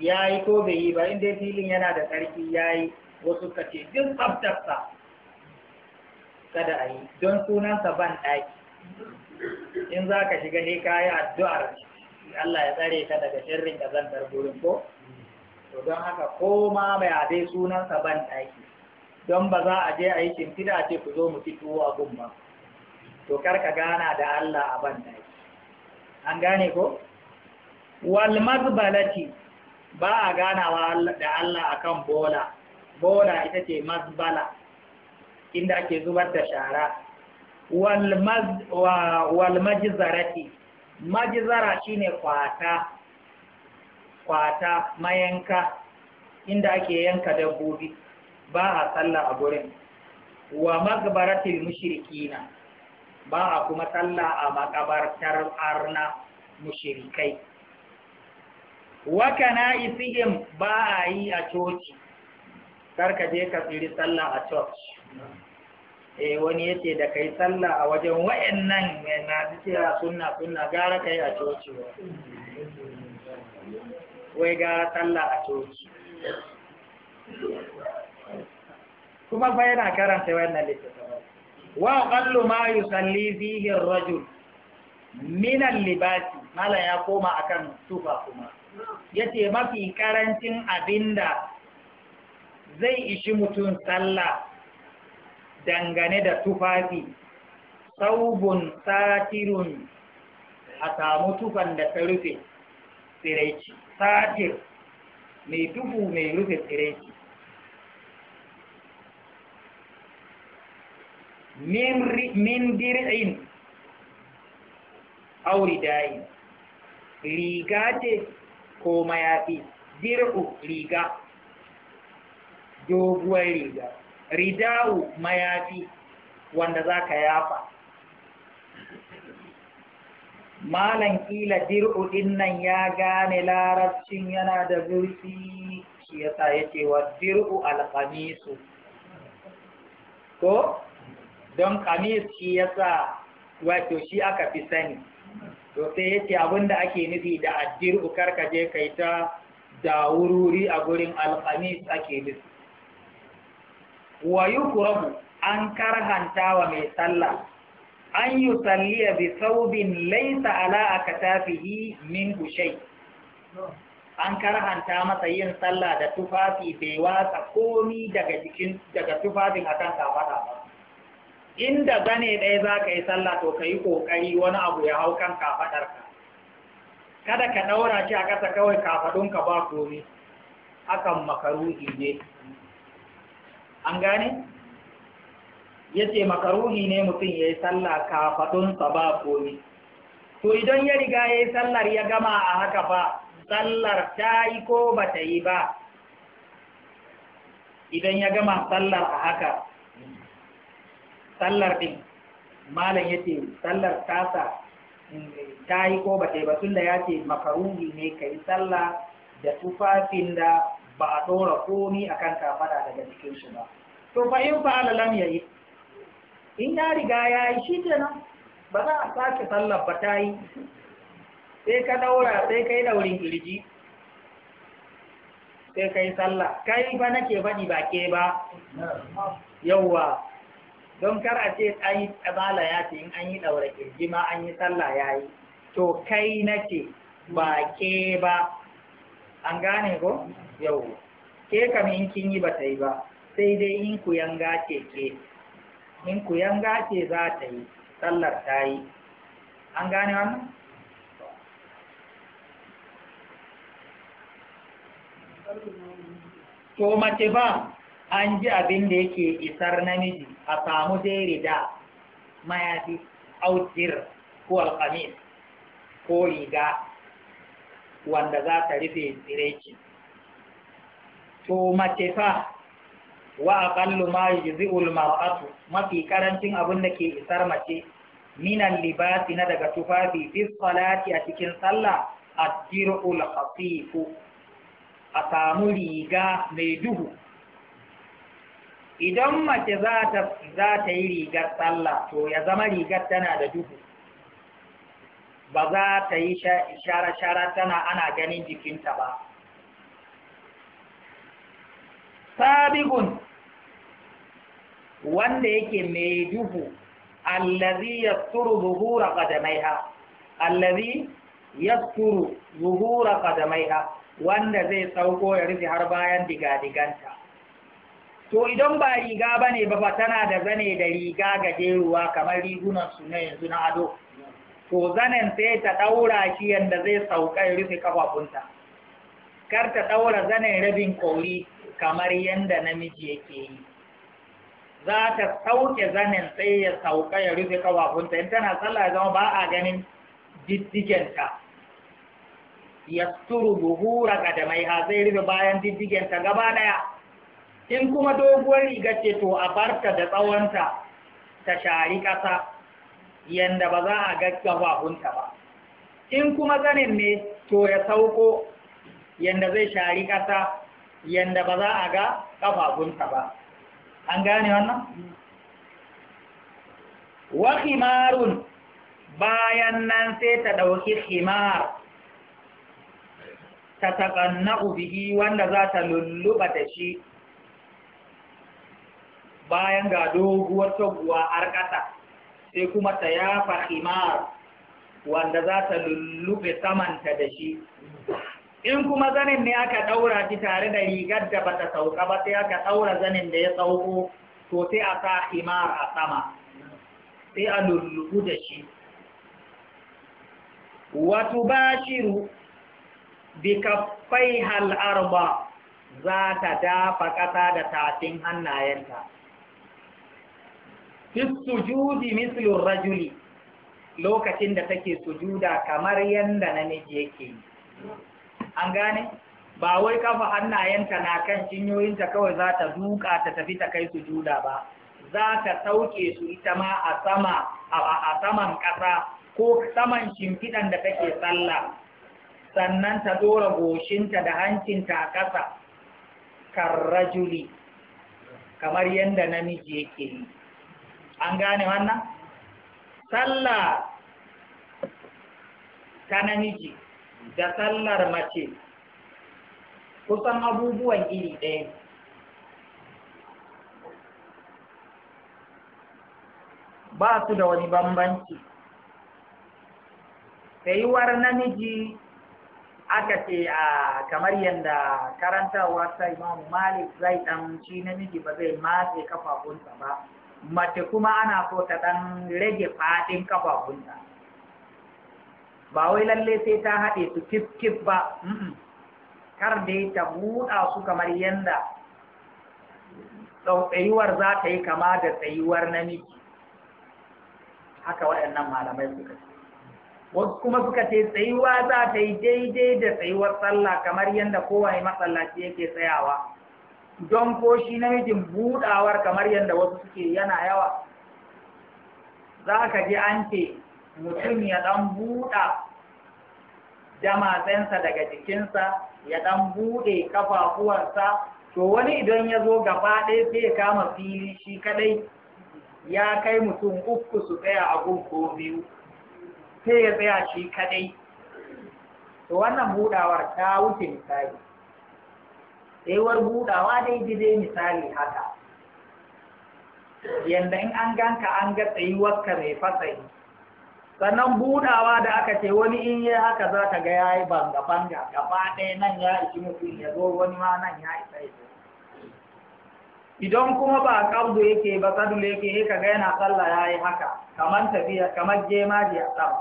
ya yi ko bai yi ba inda filin yana da tsarki ya yi wasu ka ce duk tsaftarsa kada a yi don sunansa ban ɗaki in za ka shiga ne ka yi addu'ar Allah ya tsare ka daga ka ƙazantar gurin ko to don haka koma mai adai sunansa ban ɗaki don ba za a je a yi shimfiɗa a ce ku zo mu fito a ba to kar ka gana da Allah a ban an gane ko wal mazbalati ba a ganawa da Allah akan bola bola ita ce mazbala inda ake zubar da shara wal maz wal majzarati majzara shine kwata kwata mayanka inda ake yanka dabbobi ba a sallah a gurin wa magabaratil mushrikina ba a kuma sallah a makabartar arna mushrikai wa kana ba a yi a coci karka je ka tsiri sallah a coci. eh wani yace da kai sallah a wajen wayannan na a sunna sunna gara kai a coci wai gara sallah a coci kuma fa yana karanta wannan littattafa wa aqallu ma yusalli fihi ar-rajul min al-libasi mala ya koma akan tufa kuma yace mafi karancin abinda zai ishi mutum sallah dangane da tufafi saubun satirun a samu tufan da ta rufe tsiraici satir mai tufu mai rufe tsiraici min dir'in auridayin riga ce ko mayafi dir'u riga doguwar riga ridawu mayafi wanda za ka yafa malan kila dir'u dinnan ya gane larabcin yana da zurfi shi yasa ya cewa wa dir'u alhamisu ko don kamis shi yasa wato shi aka fi sani to sai yace da ake nufi da addiru, ukar ka je kai ta da wururi a gurin alkamis ake nufi wa yukrahu an karhanta wa mai sallah an yi salliya bi saubin laisa ala a yi min kushai. an karhanta masa yin sallah da tufafi bai watsa komi daga jikin daga tufafin akan kafa inda gane ɗaya za ka yi sallah to ka yi ƙoƙari wani abu ya hau kan kafaɗarka kada ka ɗaura shi a ƙasa kawai kafaɗunka ba komi akan makaruhi ne an gane ya ce makaruhi ne mutum ya yi sallah kafaɗunsa ba komi to idan ya riga ya yi sallar ya gama a haka ba sallar ta yi ko ba ta yi ba idan ya gama sallar a haka sallar din malam yace sallar tasa eh, ta yi ko ba ta yi ba tunda ya ce makaruni ne ka yi sallah da tufafin da ba a ɗora komi a kan kafada daga cikin shi ba to fa in fa'ala lam yayi in ya riga ya yi shi nan, ba za a sake sallar ba ta yi sai ka daura sai kai daurin kirji sai kai sallah kai ba nake faɗi ba ke ba yauwa don kar a ce an yi tsabala ya ce in an yi ɗaura kirji ma an yi sallah ya yi to kai na ce ba ke ba an gane ko yau ke kam in kin yi ba ta yi ba sai dai in ku yanga ce ke in ku yanga ce za ta yi sallar ta yi an gane wannan to mace ba an ji abin da yake isar namiji a samu dai rida mayafi autir ko alkamis ko riga wanda za ta rufe tsireci to mace fa wa a aqallu ma yujzi'ul mar'atu mafi karancin abin da ke isar mace minan libasi na daga tufafi fi salati a cikin sallah ad-dir'ul a samu riga mai duhu idan mace za ta yi rigar sallah to ya zama rigar tana da duhu ba za ta yi shara-shara tana ana ganin jikinta ba sabigun wanda yake mai duhu allazi ya yasturu zuhura ha, allazi ya yasturu zuhura ha, wanda zai sauko ya rufe har bayan diga-diganta to idan ba riga ba ne ba tana da zane da riga gajeruwa kamar rigunan na yanzu na ado to zanen sai ta ɗaura shi yadda zai sauka ya rufe kafafunta kar ta ɗaura zanen rabin kauri kamar yadda namiji yake yi za ta sauke zanen sai ya sauka ya rufe kafafunta in tana sallah zama ba a ganin diddigenta turu buhura kadamaiha zai rufe bayan diddigenta gaba ɗaya. in kuma doguwar riga ce to a barta da tsawonta ta shari ƙasa yadda ba za a ga gabahunta ba in kuma zanen ne to ya sauko yadda zai shari ƙasa yadda ba za a ga ƙafafunta ba an gane wannan wa himarun bayan nan sai ta ɗauki himar ta taƙanna bihi wanda za ta lulluɓa da shi bayan ga doguwar a arkata sai kuma ta yafa himar wanda za ta lullube samanta da shi in kuma zanin ne aka ɗaura shi tare da rigar da bata sauka ba sai aka ɗaura zanin da ya sauko to sai a sa himar a sama sai a lullubu da shi wato bashiru bi kafai hal'arba za ta dafa ƙasa da tafin hannayenta fi sujudi mislu rajuli lokacin da take sujuda kamar yanda namiji yake yi an gane ba wai kafa hannayenta na kan cinyoyinta kawai za ta duka ta tafi ta kai sujuda ba za ta sauke su ita ma a sama a saman ƙasa ko saman shimfiɗan da take sallah sannan ta dora goshinta da hancinta a ƙasa karrajuli kamar yadda namiji yake yi an gane wannan sallah ta namiji da sallar mace kusan abubuwan iri ɗaya ba su da wani bambanci tsayuwar namiji aka ce a kamar yadda karantarwa ta imamu malik zai ɗanci namiji ba zai matse kafafunsa ba mace kuma ana so ta ɗan rage faɗin kafafunta ba wai lalle sai ta haɗe su kif-kif ba kar dai ta buɗa su kamar yadda tsayuwar za ta yi kama da tsayuwar namiji haka waɗannan malamai suka ce wasu kuma suka ce tsayuwa za ta yi daidai da tsayuwar sallah kamar yadda kowane masallaci yake tsayawa don ko shi namijin buɗawar kamar yadda wasu suke yana yawa za ka ji an ce mutum ya ɗan buɗa damatsensa daga jikinsa ya ɗan buɗe kafafuwarsa to wani idan ya zo gaba ɗaya sai ya kama fili shi kadai ya kai mutum uku su tsaya a ko biyu sai ya tsaya shi kadai to wannan buɗawar ta wuce misali tsayuwar budawa dai dai misali haka yanda in an ganka an ga tsayuwarka mai fasari sannan budawa da aka ce wani in yi haka za ka ga ya yi banga-banga gaba ɗaya nan ya ishi mutum ya zo wani ma nan ya isa ya idan kuma ba kabdo yake ba sadul yake ya ga yana sallah ya yi haka kamar tafiya kamar jemaji a sama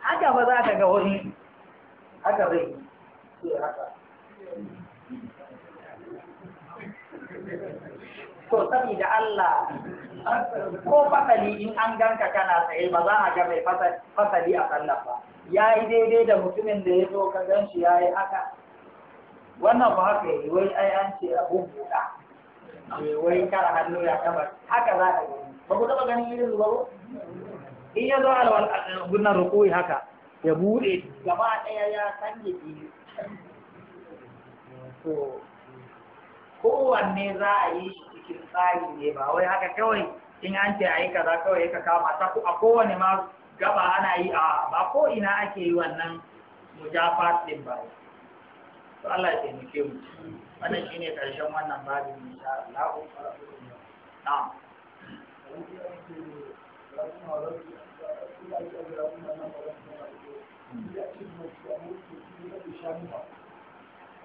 haka ba za ka ga wani haka zai yi haka to saboda Allah ko fasali in an ganka kana tsaye ba za a ga mai fasali a sallar ba ya yi daidai da mutumin da ya zo ka gan shi ya yi haka wannan ba haka yi wai ai an ce a buɗa eh, wai kara hannu ya kamar haka za a gani ba ku taɓa ganin irin ba in ya zo alwal gunan rukui haka ya buɗe gaba ɗaya ya sanya biyu to kowanne za a yi shi cikin tsari ne ba wai haka kawai in an ce ayi kaza kawai ka kama ta a kowane ma gaba ana yi a ba ko ina ake yi wannan mujafa din ba to Allah ya taimake mu wannan shine karshen wannan babin insha Allah na'am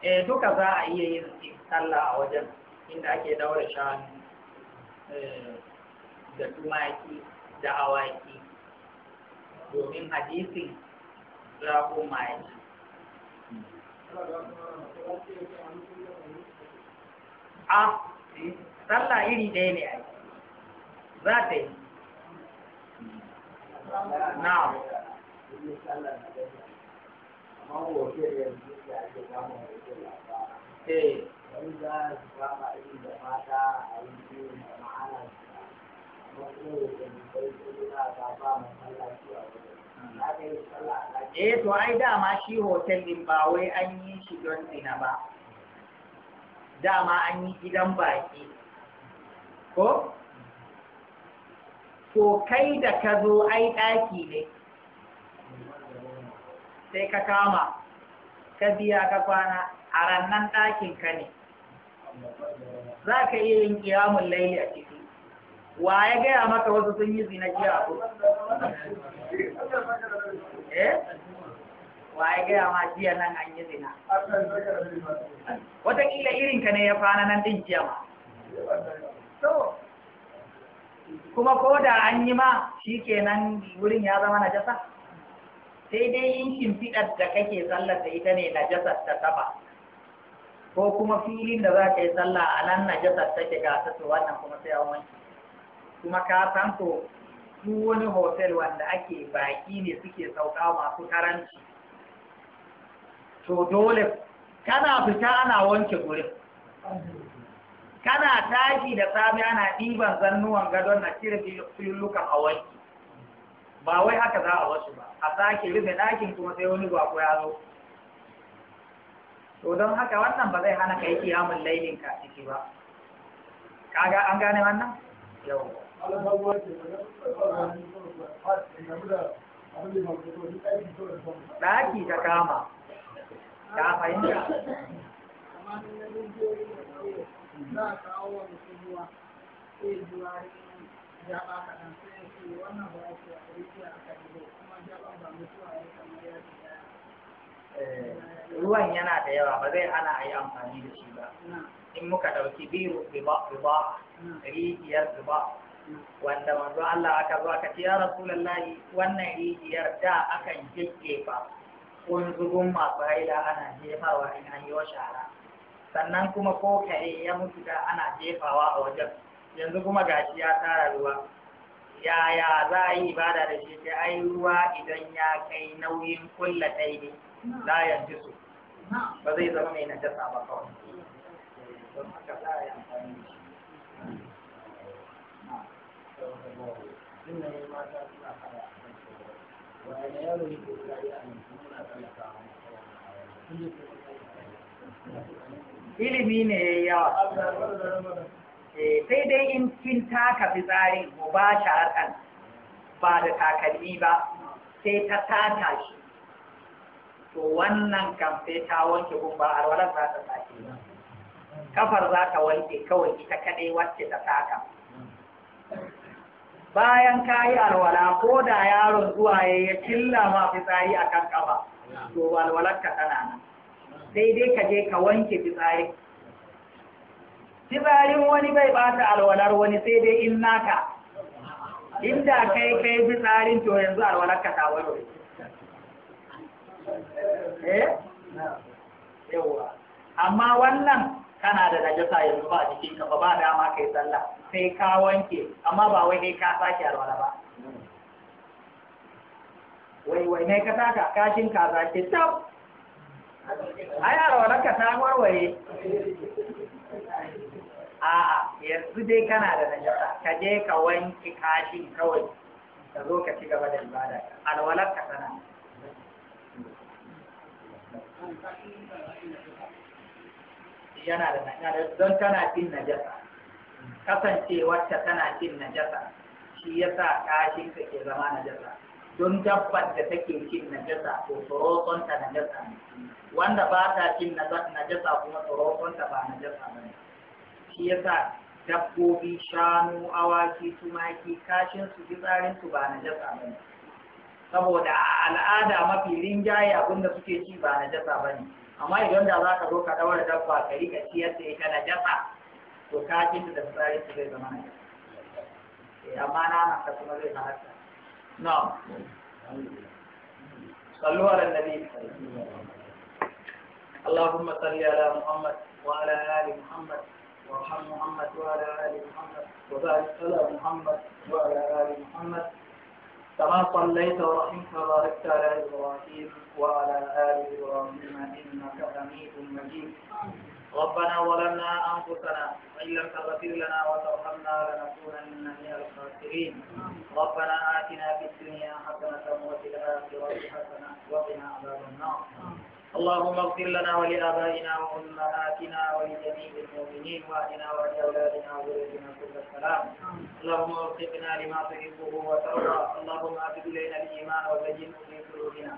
Eh duka za a iya yin sallah a wajen inda ake daura shanu eh, da tumaki da awaki domin hadisin raƙuma ya a sallah iri ɗaya ne a za ta yi na Eh. Eh to ai dama shi hotel din ba wai an yi shi don zina ba. Dama an yi gidan baki. Ko? To kai da ka zo ai ɗaki ne. Sai ka kama, ka biya ka kwana a rannan ɗakin ka ne. za ka iya yin kiyamun laili a ciki wa ya gaya maka wasu sun yi zina jiya a eh wa ya gaya ma jiya nan an yi zina wataƙila irinka ne ya fana nan din jiya ma so kuma ko da an yi ma shi nan wurin ya zama na jasa? sai dai yin shimfiɗar da kake sallar da ita ne na jasar ta taba ko kuma filin da za ka yi sallah a nan jasa take ga ta to wannan kuma sai an wanke kuma ka san to su wani hotel wanda ake baki ne suke sauka masu karanci to dole kana fita ana wanke gurin kana tashi da safe ana ɗiban zannuwan gadon na cire filulukan a wanki ba wai haka za a wasu ba a sake rufe ɗakin kuma sai wani bako ya zo to don haka wannan ba zai hana kai kiyamun lailin ka ciki ba kaga an gane wannan yau ɗaki ta kama ta fahimta ba a ba Eh, ruwan yana da yawa ba zai hana a yi amfani da shi ba in muka ɗauki biyu riba rijiyar riba wanda manzo Allah aka zo aka ce ya rasulullahi wannan rijiyar da akan Kun kunzugun masu haila ana jefawa in an yi shara sannan kuma ko kare ya mutu da ana jefawa a wajen yanzu kuma gashi ya tara ruwa yaya za a yi ibada da shi sai ai ruwa idan ya kai nauyin kulla ɗaya la su ba zai zama mai najasa ba kawai don haka za a yi amfani da shi ilimi ne ya yawa eh, sai dai in kin taka fitsarin mu ba shi ba da takalmi ba sai ta taka shi to wannan kamfe ta wanke gumba a walar za ta sake ba kafar za ta wanke kawai ita kaɗai wacce ta saka bayan ka yi alwala ko da yaron zuwa ya ya killa ma fitsari a kan kafa to walwalar ka tana nan sai dai ka je ka wanke fitsari fitsarin wani bai bata alwalar wani sai dai in naka inda kai kai fitsarin to yanzu alwalar ka ta warware eh yawa amma wannan kana da najasa yanzu ba a jikin ka ba dama kai sallah sai ka wanke amma ba wai ne ka sake alwala ba wai wai ne ka saka kashin ka sake tab ai alwala ka ta warware a'a yanzu dai kana da najasa ka je ka wanke kashin kawai ka zo ka ci gaba da ibada alwalar ka sana yana da najasa don tana cin najasa kasancewarta tana cin najasa shi yasa kashin ka ke zama najasa don dabbar da take cin najasa to tsorotsonta najasa ne wanda ba ta cin najasa kuma tsorotsonta ba najasa ba ne shi yasa dabbobi shanu awaki tumaki kashin su fitsarin su ba najasa ba ne saboda al'ada mafi rinjaye abinda suke ci ba najasa ba ne amma idan da za ka zo ka ɗaura dabba ka ka ciyar da ita najasa to ka ci da tsari su zai zama najasa eh, amma na na ka kuma zai halatta na'am صلوا على النبي اللهم صل على محمد وعلى Muhammad محمد وارحم محمد وعلى آل محمد وبارك على محمد وعلى آل محمد كما صليت ورحمت وباركت على إبراهيم وعلى آل إبراهيم إنك حميد مجيد ربنا ظلمنا أنفسنا وإن لم تغفر لنا وترحمنا لنكونن من الخاسرين ربنا آتنا في الدنيا حسنة وفي الآخرة حسنة وقنا عذاب النار اللهم اغفر لنا ولآبائنا وأمهاتنا ولجميع المؤمنين وأهلنا ولأولادنا وذريتنا كل السلام اللهم وفقنا لما تحبه وترضى اللهم أعد إلينا الإيمان وزينه في قلوبنا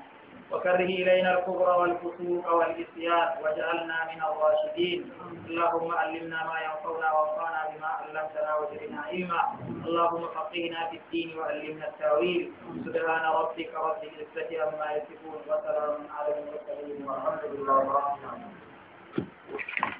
وكره إلينا الكبر والفسوق والإسيان واجعلنا من الراشدين اللهم علمنا ما ينفعنا وانفعنا بما علمتنا وزدنا علما اللهم فقهنا في الدين وعلمنا التاويل سبحان ربك رب العزة عما يصفون وسلام على المرسلين والحمد لله رب العالمين